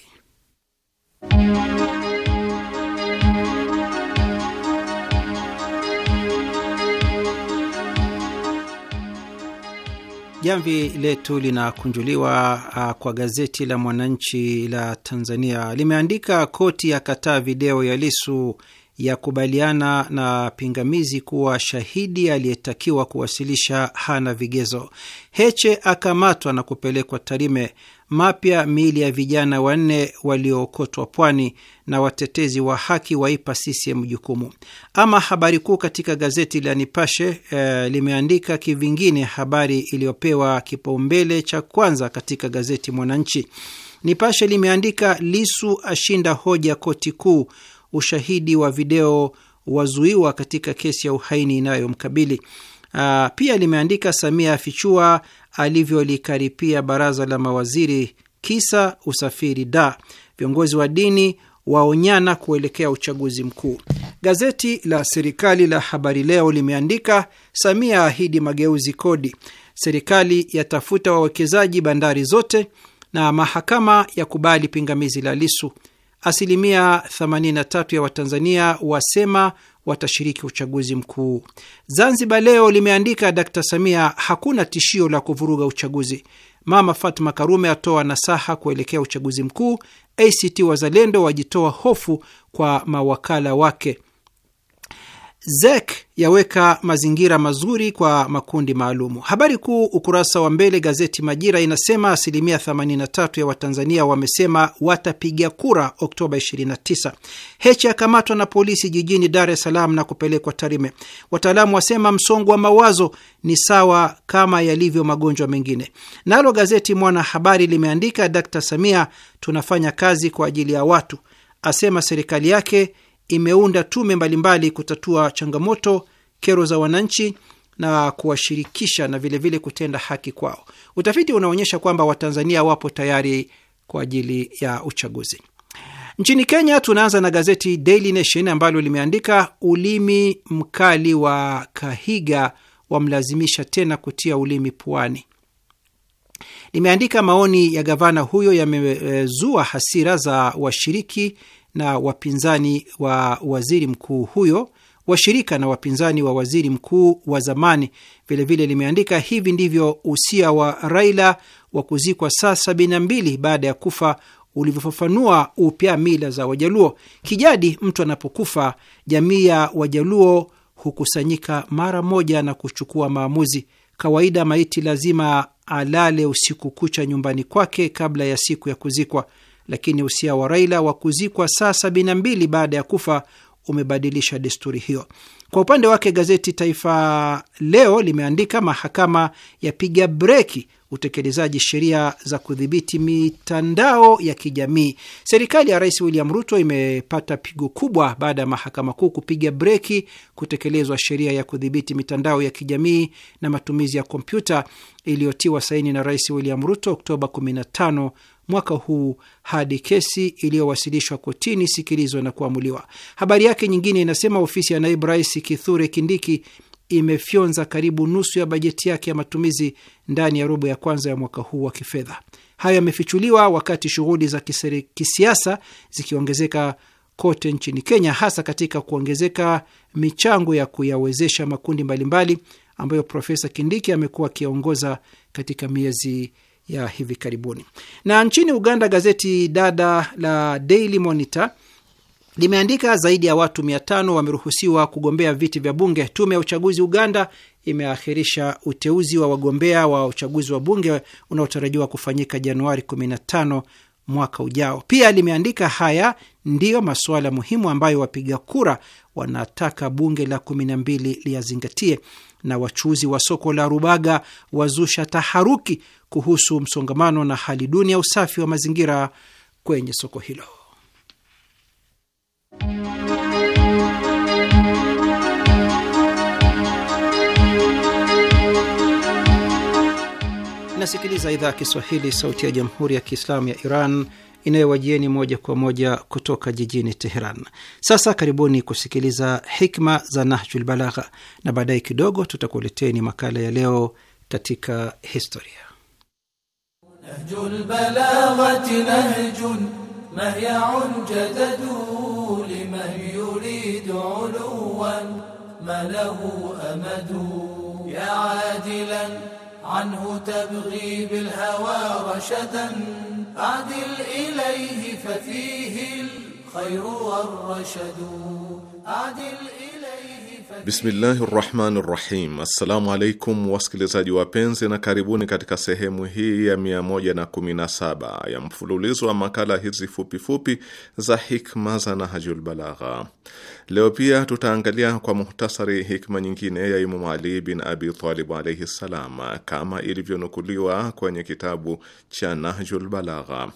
[SPEAKER 3] Jamvi letu linakunjuliwa uh, kwa gazeti la Mwananchi la Tanzania. Limeandika koti ya kataa video ya Lisu ya kubaliana na pingamizi kuwa shahidi aliyetakiwa kuwasilisha hana vigezo. Heche akamatwa na kupelekwa Tarime, mapya miili ya vijana wanne waliookotwa pwani, na watetezi wa haki waipa CCM jukumu. Ama habari kuu katika gazeti la Nipashe eh, limeandika kivingine habari iliyopewa kipaumbele cha kwanza katika gazeti Mwananchi. Nipashe limeandika Lisu ashinda hoja koti kuu, ushahidi wa video wazuiwa katika kesi ya uhaini inayomkabili. Uh, pia limeandika Samia afichua alivyolikaripia baraza la mawaziri kisa usafiri da. Viongozi wa dini waonyana kuelekea uchaguzi mkuu. Gazeti la serikali la Habari Leo limeandika Samia ahidi mageuzi kodi, serikali yatafuta wawekezaji bandari zote, na mahakama ya kubali pingamizi la Lisu asilimia 83 ya Watanzania wasema watashiriki uchaguzi mkuu. Zanzibar Leo limeandika Dkt Samia, hakuna tishio la kuvuruga uchaguzi. Mama Fatma Karume atoa nasaha kuelekea uchaguzi mkuu. ACT Wazalendo wajitoa hofu kwa mawakala wake. ZEK yaweka mazingira mazuri kwa makundi maalumu. Habari kuu ukurasa wa mbele gazeti Majira inasema asilimia 83 ya Watanzania wamesema watapiga kura Oktoba 29. Heche akamatwa na polisi jijini Dar es Salaam na kupelekwa Tarime. Wataalamu wasema msongo wa mawazo ni sawa kama yalivyo magonjwa mengine. Nalo gazeti Mwanahabari limeandika Dkt Samia tunafanya kazi kwa ajili ya watu, asema serikali yake imeunda tume mbalimbali kutatua changamoto, kero za wananchi na kuwashirikisha na vilevile vile kutenda haki kwao. Utafiti unaonyesha kwamba Watanzania wapo tayari kwa ajili ya uchaguzi. Nchini Kenya tunaanza na gazeti Daily Nation ambalo limeandika ulimi mkali wa Kahiga wamlazimisha tena kutia ulimi puani. Limeandika maoni ya gavana huyo yamezua hasira za washiriki na wapinzani wa waziri mkuu huyo, washirika na wapinzani wa waziri mkuu wa zamani. Vilevile limeandika hivi ndivyo usia wa Raila wa kuzikwa saa sabini na mbili baada ya kufa ulivyofafanua upya mila za Wajaluo. Kijadi, mtu anapokufa, jamii ya Wajaluo hukusanyika mara moja na kuchukua maamuzi. Kawaida maiti lazima alale usiku kucha nyumbani kwake kabla ya siku ya kuzikwa lakini usia wa Raila wa kuzikwa saa sabini na mbili baada ya kufa umebadilisha desturi hiyo. Kwa upande wake gazeti Taifa Leo limeandika mahakama yapiga breki utekelezaji sheria za kudhibiti mitandao ya kijamii. Serikali ya Rais William Ruto imepata pigo kubwa baada ya mahakama kuu kupiga breki kutekelezwa sheria ya kudhibiti mitandao ya kijamii na matumizi ya kompyuta iliyotiwa saini na Rais William Ruto Oktoba 15 mwaka huu hadi kesi iliyowasilishwa kotini sikilizwa na kuamuliwa. Habari yake nyingine inasema ofisi ya naibu rais Kithure Kindiki imefyonza karibu nusu ya bajeti yake ya matumizi ndani ya robo ya kwanza ya mwaka huu wa kifedha. Hayo yamefichuliwa wakati shughuli za kisiasa zikiongezeka kote nchini Kenya, hasa katika kuongezeka michango ya kuyawezesha makundi mbalimbali ambayo Profesa Kindiki amekuwa akiongoza katika miezi ya hivi karibuni. Na nchini Uganda, gazeti dada la Daily Monitor limeandika zaidi ya watu 5 wameruhusiwa kugombea viti vya bunge. Tume ya uchaguzi Uganda imeahirisha uteuzi wa wagombea wa uchaguzi wa bunge unaotarajiwa kufanyika Januari 15 mwaka ujao. Pia limeandika haya ndiyo masuala muhimu ambayo wapiga kura wanataka bunge la 12 liyazingatie, na wachuuzi wa soko la Rubaga wazusha taharuki kuhusu msongamano na hali duni ya usafi wa mazingira kwenye soko hilo. Nasikiliza idhaa ya Kiswahili, sauti ya jamhuri ya kiislamu ya Iran inayowajieni moja kwa moja kutoka jijini Teheran. Sasa karibuni kusikiliza hikma za Nahjul Balagha, na baadaye kidogo tutakuleteni makala ya leo katika historia. نهج
[SPEAKER 7] البلاغة نهج
[SPEAKER 3] مهيع جدد
[SPEAKER 1] لمن يريد علوا ما له أمد يا عادلا عنه تبغي بالهوى رشدا أعدل إليه ففيه الخير
[SPEAKER 5] والرشد أعدل إليه Bismillahi rahmani rahim. Assalamu alaikum wasikilizaji wapenzi, na karibuni katika sehemu hii ya 117 ya mfululizo wa makala hizi fupifupi za hikma za Nahjul Balagha. Leo pia tutaangalia kwa muhtasari hikma nyingine ya Imamu Ali bin Abi Talib alaihi ssalam, kama ilivyonukuliwa kwenye kitabu cha Nahjul Balagha.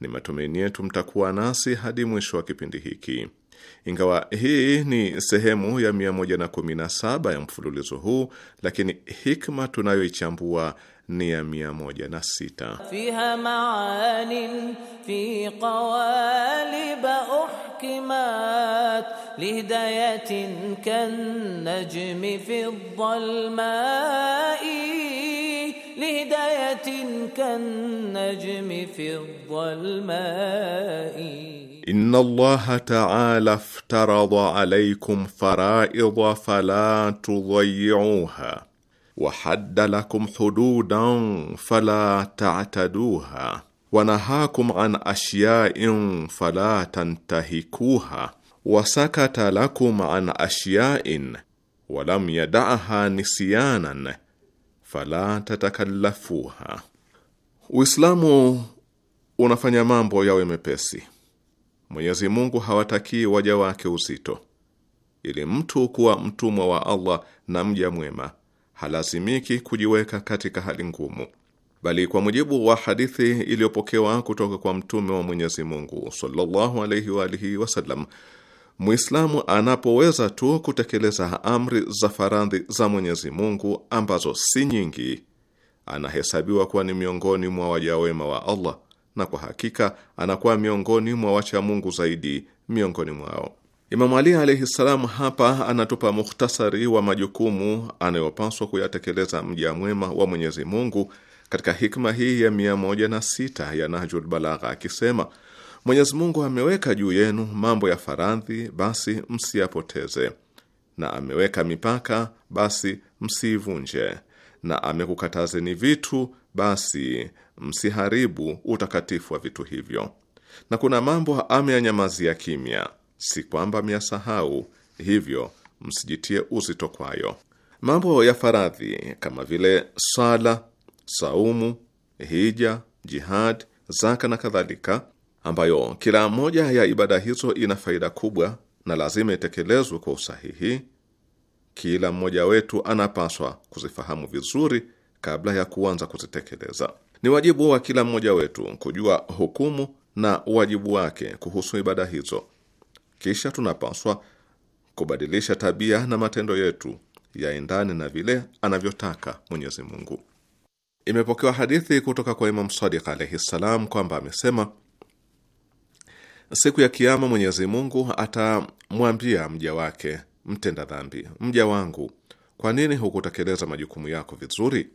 [SPEAKER 5] Ni matumaini yetu mtakuwa nasi hadi mwisho wa kipindi hiki. Ingawa hii ni sehemu ya 117 ya mfululizo huu, lakini hikma tunayoichambua ni ya 106.
[SPEAKER 1] Fiha maanin fi qawalib uhkimat lihidayatin kan najmi fi dhalmai لهداية كالنجم في الظلماء
[SPEAKER 5] إن الله تعالى افترض عليكم فرائض فلا تضيعوها وحد لكم حدودا فلا تعتدوها ونهاكم عن أشياء فلا تنتهكوها وسكت لكم عن أشياء ولم يدعها نسيانا fala tatakallafuha. Uislamu unafanya mambo yawe mepesi. Mwenyezi Mungu hawatakii waja wake uzito, ili mtu kuwa mtumwa wa Allah na mja mwema halazimiki kujiweka katika hali ngumu, bali kwa mujibu wa hadithi iliyopokewa kutoka kwa mtume wa Mwenyezi Mungu sallallahu wa alihi wasallam Mwislamu anapoweza tu kutekeleza amri za faradhi za Mwenyezi Mungu ambazo si nyingi, anahesabiwa kuwa ni miongoni mwa wajawema wa Allah, na kwa hakika anakuwa miongoni mwa wacha Mungu zaidi miongoni mwao. Imamu Ali alaihi ssalam hapa anatupa mukhtasari wa majukumu anayopaswa kuyatekeleza mja mwema wa Mwenyezi Mungu katika hikma hii ya mia moja na sita ya Nahjul Balagha akisema: Mwenyezi Mungu ameweka juu yenu mambo ya faradhi, basi msiyapoteze, na ameweka mipaka, basi msiivunje, na amekukatazeni vitu, basi msiharibu utakatifu wa vitu hivyo. Na kuna mambo ameyanyamazia kimya, si kwamba myasahau, hivyo msijitie uzito kwayo. Mambo ya faradhi kama vile swala, saumu, hija, jihad, zaka na kadhalika ambayo kila moja ya ibada hizo ina faida kubwa na lazima itekelezwe kwa usahihi. Kila mmoja wetu anapaswa kuzifahamu vizuri kabla ya kuanza kuzitekeleza. Ni wajibu wa kila mmoja wetu kujua hukumu na wajibu wake kuhusu ibada hizo. Kisha tunapaswa kubadilisha tabia na matendo yetu yaendane na vile anavyotaka Mwenyezi Mungu. Imepokewa hadithi kutoka kwa Imam Sadiq alaihi salam kwamba amesema Siku ya Kiama Mwenyezi Mungu atamwambia mja wake mtenda dhambi, mja wangu, kwa nini hukutekeleza majukumu yako vizuri?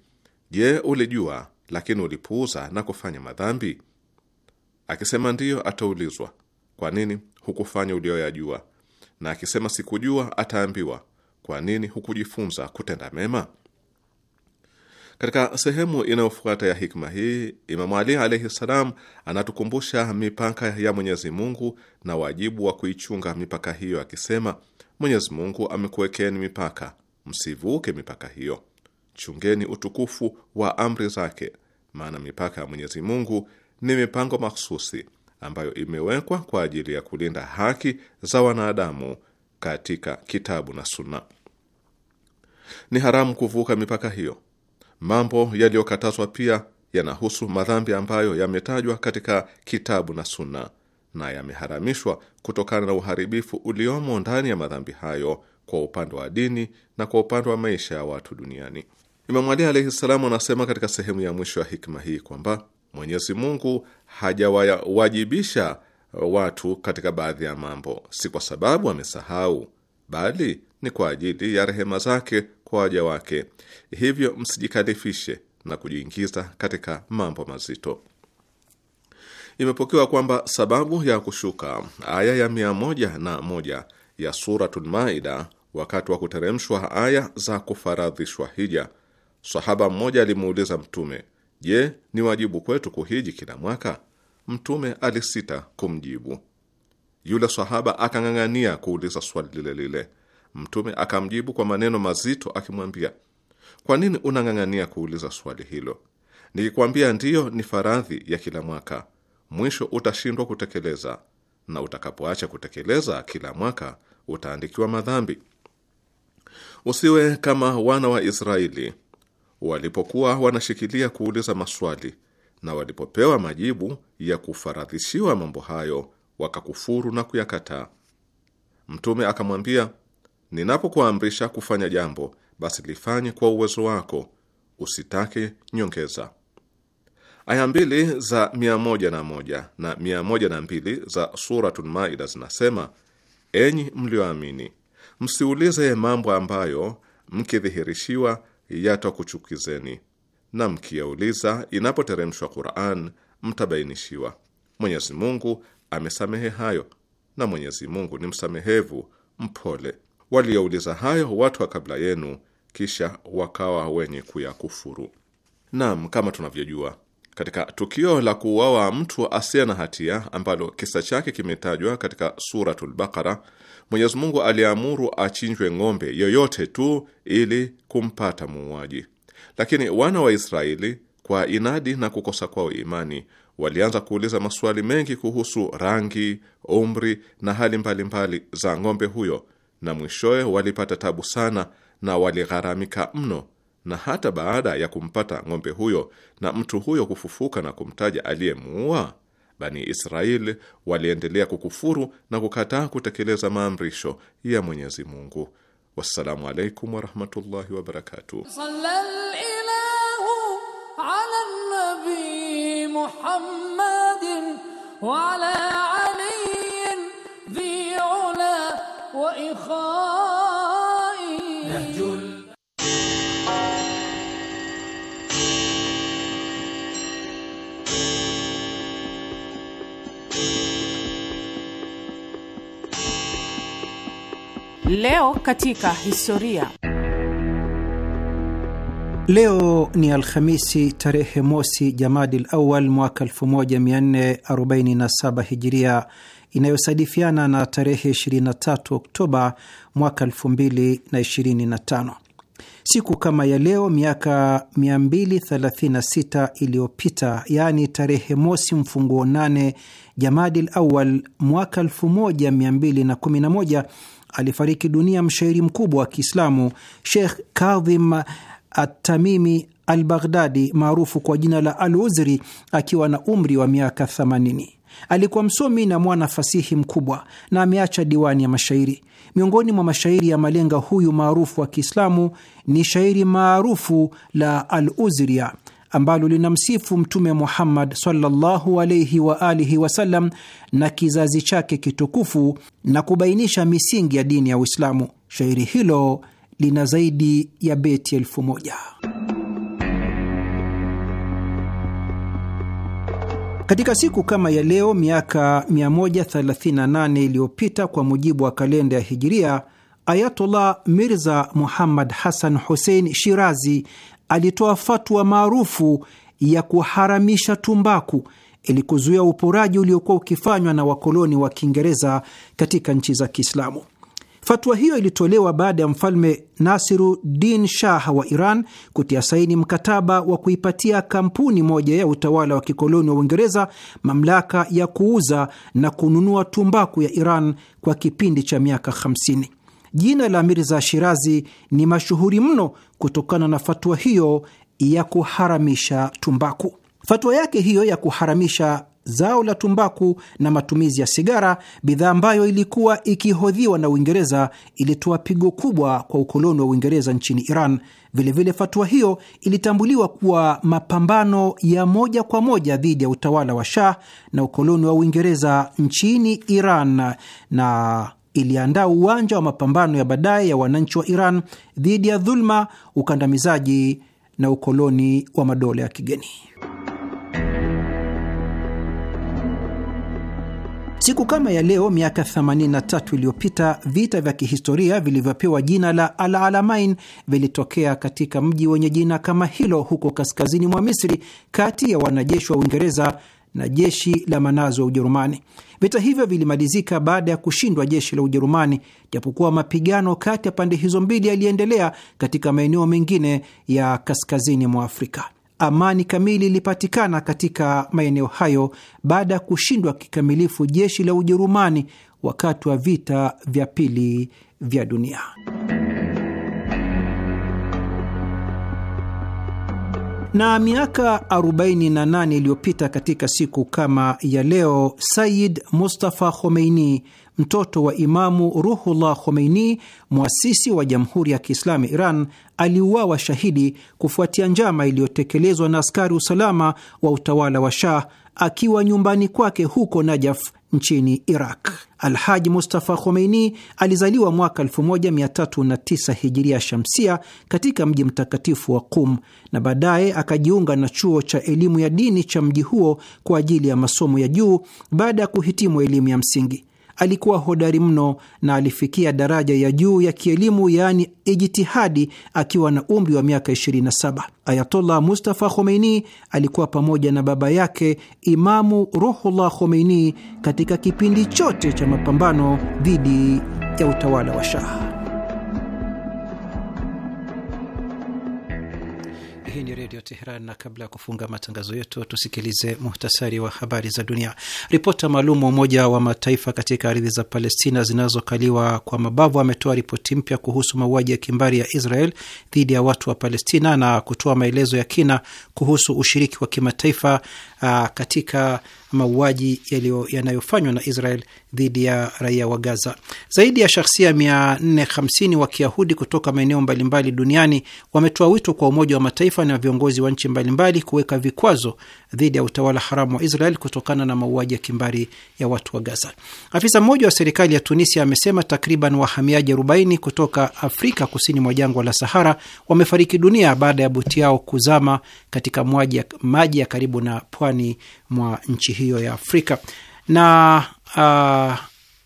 [SPEAKER 5] Je, ulijua lakini ulipuuza na kufanya madhambi? Akisema ndiyo, ataulizwa kwa nini hukufanya ulioyajua, na akisema sikujua, ataambiwa kwa nini hukujifunza kutenda mema? Katika sehemu inayofuata ya hikma hii, Imamu Ali alaihi ssalam anatukumbusha mipaka ya Mwenyezi Mungu na wajibu wa kuichunga mipaka hiyo, akisema: Mwenyezi Mungu amekuwekeni mipaka, msivuke mipaka hiyo. Chungeni utukufu wa amri zake, maana mipaka ya Mwenyezi Mungu ni mipango mahsusi ambayo imewekwa kwa ajili ya kulinda haki za wanadamu katika kitabu na Sunna. Ni haramu kuvuka mipaka hiyo. Mambo yaliyokatazwa pia yanahusu madhambi ambayo yametajwa katika kitabu na Sunna na yameharamishwa kutokana na uharibifu uliomo ndani ya madhambi hayo kwa upande wa dini na kwa upande wa maisha ya watu duniani. Imamu Ali alaihi salamu anasema katika sehemu ya mwisho ya hikma hii kwamba Mwenyezi Mungu hajawawajibisha watu katika baadhi ya mambo, si kwa sababu amesahau, bali ni kwa ajili ya rehema zake kwa waja wake hivyo msijikalifishe na kujiingiza katika mambo mazito. Imepokewa kwamba sababu ya kushuka aya ya mia moja na moja ya Suratul Maida wakati wa kuteremshwa aya za kufaradhishwa hija, sahaba mmoja alimuuliza Mtume, je, ni wajibu kwetu kuhiji kila mwaka? Mtume alisita kumjibu. Yule sahaba akang'ang'ania kuuliza swali lile lile. Mtume akamjibu kwa maneno mazito akimwambia kwa nini unang'ang'ania kuuliza swali hilo? Nikikwambia ndiyo, ni faradhi ya kila mwaka, mwisho utashindwa kutekeleza, na utakapoacha kutekeleza kila mwaka utaandikiwa madhambi. Usiwe kama wana wa Israeli walipokuwa wanashikilia kuuliza maswali na walipopewa majibu ya kufaradhishiwa mambo hayo wakakufuru na kuyakataa. Mtume akamwambia, ninapokuamrisha kufanya jambo basi lifanye kwa uwezo wako, usitake nyongeza. Aya mbili za moja na mbili za Suratul Maida zinasema: enyi mlioamini, msiulize mambo ambayo mkidhihirishiwa yatakuchukizeni, na mkiyauliza inapoteremshwa Quran mtabainishiwa. Mwenyezi Mungu amesamehe hayo, na Mwenyezi Mungu ni msamehevu mpole. Waliouliza hayo watu wa kabla yenu kisha wakawa wenye kuyakufuru. Naam, kama tunavyojua katika tukio la kuuawa mtu asiye na hatia ambalo kisa chake kimetajwa katika Suratul Baqara, Mwenyezi Mungu aliamuru achinjwe ng'ombe yoyote tu ili kumpata muuaji, lakini wana wa Israeli kwa inadi na kukosa kwao imani walianza kuuliza maswali mengi kuhusu rangi, umri na hali mbalimbali mbali za ng'ombe huyo, na mwishowe walipata tabu sana na waligharamika mno, na hata baada ya kumpata ng'ombe huyo na mtu huyo kufufuka na kumtaja aliyemuua, Bani Israeli waliendelea kukufuru na kukataa kutekeleza maamrisho ya Mwenyezi Mungu. Wassalamu alaikum warahmatullahi wabarakatuh.
[SPEAKER 1] Wa ala wa
[SPEAKER 4] Leo katika historia.
[SPEAKER 3] Leo ni Alhamisi tarehe mosi Jamadil Awal mwaka 1447 Hijiria, inayosadifiana na tarehe 23 Oktoba mwaka 2025. Siku kama ya leo miaka 236 iliyopita, yaani tarehe mosi mfunguo nane Jamadil Awal mwaka 1211 alifariki dunia mshairi mkubwa wa Kiislamu Sheikh Kadhim Atamimi al Baghdadi, maarufu kwa jina la Al Uzri, akiwa na umri wa miaka 80. Alikuwa msomi na mwana fasihi mkubwa na ameacha diwani ya mashairi. Miongoni mwa mashairi ya malenga huyu maarufu wa Kiislamu ni shairi maarufu la Al Uzria ambalo linamsifu Mtume Muhammad sallallahu alaihi wa alihi wasallam na kizazi chake kitukufu na kubainisha misingi ya dini ya Uislamu. Shairi hilo lina zaidi ya beti elfu moja. Katika siku kama ya leo miaka 138 iliyopita kwa mujibu wa kalenda ya Hijiria, Ayatullah Mirza Muhammad Hassan Hussein Shirazi alitoa fatwa maarufu ya kuharamisha tumbaku ili kuzuia uporaji uliokuwa ukifanywa na wakoloni wa Kiingereza katika nchi za Kiislamu. Fatwa hiyo ilitolewa baada ya mfalme Nasiruddin Shah wa Iran kutia saini mkataba wa kuipatia kampuni moja ya utawala wa kikoloni wa Uingereza mamlaka ya kuuza na kununua tumbaku ya Iran kwa kipindi cha miaka 50. Jina la Mirza Shirazi ni mashuhuri mno kutokana na fatwa hiyo ya kuharamisha tumbaku. Fatwa yake hiyo ya kuharamisha zao la tumbaku na matumizi ya sigara, bidhaa ambayo ilikuwa ikihodhiwa na Uingereza, ilitoa pigo kubwa kwa ukoloni wa Uingereza nchini Iran. Vilevile, fatua hiyo ilitambuliwa kuwa mapambano ya moja kwa moja dhidi ya utawala wa Shah na ukoloni wa Uingereza nchini Iran na iliandaa uwanja wa mapambano ya baadaye ya wananchi wa Iran dhidi ya dhuluma, ukandamizaji na ukoloni wa madola ya kigeni. Siku kama ya leo miaka 83 iliyopita vita vya kihistoria vilivyopewa jina la Al Alamain vilitokea katika mji wenye jina kama hilo huko kaskazini mwa Misri, kati ya wanajeshi wa Uingereza na jeshi la manazo ya Ujerumani. Vita hivyo vilimalizika baada ya kushindwa jeshi la Ujerumani, japokuwa mapigano kati ya pande hizo mbili yaliendelea katika maeneo mengine ya kaskazini mwa Afrika. Amani kamili ilipatikana katika maeneo hayo baada ya kushindwa kikamilifu jeshi la Ujerumani wakati wa vita vya pili vya dunia. Na miaka 48 iliyopita katika siku kama ya leo, Sayid Mustafa Khomeini, mtoto wa Imamu Ruhullah Khomeini, mwasisi wa Jamhuri ya Kiislamu Iran, aliuawa shahidi kufuatia njama iliyotekelezwa na askari usalama wa utawala wa Shah akiwa nyumbani kwake huko Najaf nchini Iraq. Alhaji Mustafa Khomeini alizaliwa mwaka 1309 hijiria shamsia katika mji mtakatifu wa Qum na baadaye akajiunga na chuo cha elimu ya dini cha mji huo kwa ajili ya masomo ya juu baada ya kuhitimu elimu ya msingi alikuwa hodari mno na alifikia daraja ya juu ya kielimu, yaani ijtihadi, akiwa na umri wa miaka 27. Ayatollah Mustafa Khomeini alikuwa pamoja na baba yake Imamu Ruhullah Khomeini katika kipindi chote cha mapambano dhidi ya utawala wa shaha Hii ni Redio Teheran, na kabla ya kufunga matangazo yetu tusikilize muhtasari wa habari za dunia. Ripota maalum wa Umoja wa Mataifa katika ardhi za Palestina zinazokaliwa kwa mabavu ametoa ripoti mpya kuhusu mauaji ya kimbari ya Israel dhidi ya watu wa Palestina na kutoa maelezo ya kina kuhusu ushiriki wa kimataifa Ah, katika mauaji yanayofanywa na Israel dhidi ya raia wa Gaza. Zaidi ya shahsia 450 wa Kiyahudi kutoka maeneo mbalimbali duniani wametoa wito kwa Umoja wa Mataifa na viongozi wa nchi mbalimbali kuweka vikwazo dhidi ya utawala haramu wa Israel kutokana na mauaji ya kimbari ya watu wa Gaza. Afisa mmoja wa serikali ya Tunisia amesema takriban wahamiaji 40 kutoka Afrika kusini mwa jangwa la Sahara wamefariki dunia baada ya boti yao kuzama katika maji ya karibu na pwani pwani mwa nchi hiyo ya Afrika. Na uh,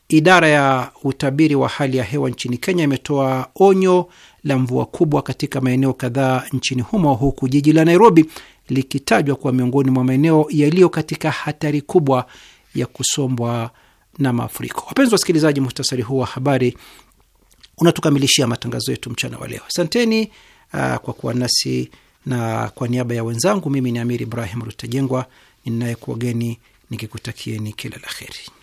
[SPEAKER 3] idara ya utabiri wa hali ya hewa nchini Kenya imetoa onyo la mvua kubwa katika maeneo kadhaa nchini humo, huku jiji la Nairobi likitajwa kuwa miongoni mwa maeneo yaliyo katika hatari kubwa ya kusombwa na mafuriko. Wapenzi wasikilizaji, muhtasari huu wa habari unatukamilishia matangazo yetu mchana wa leo. Asanteni uh, kwa kuwa nasi na kwa niaba ya wenzangu, mimi ni Amiri Ibrahim Rutajengwa ninayekuwageni nikikutakieni kila la heri.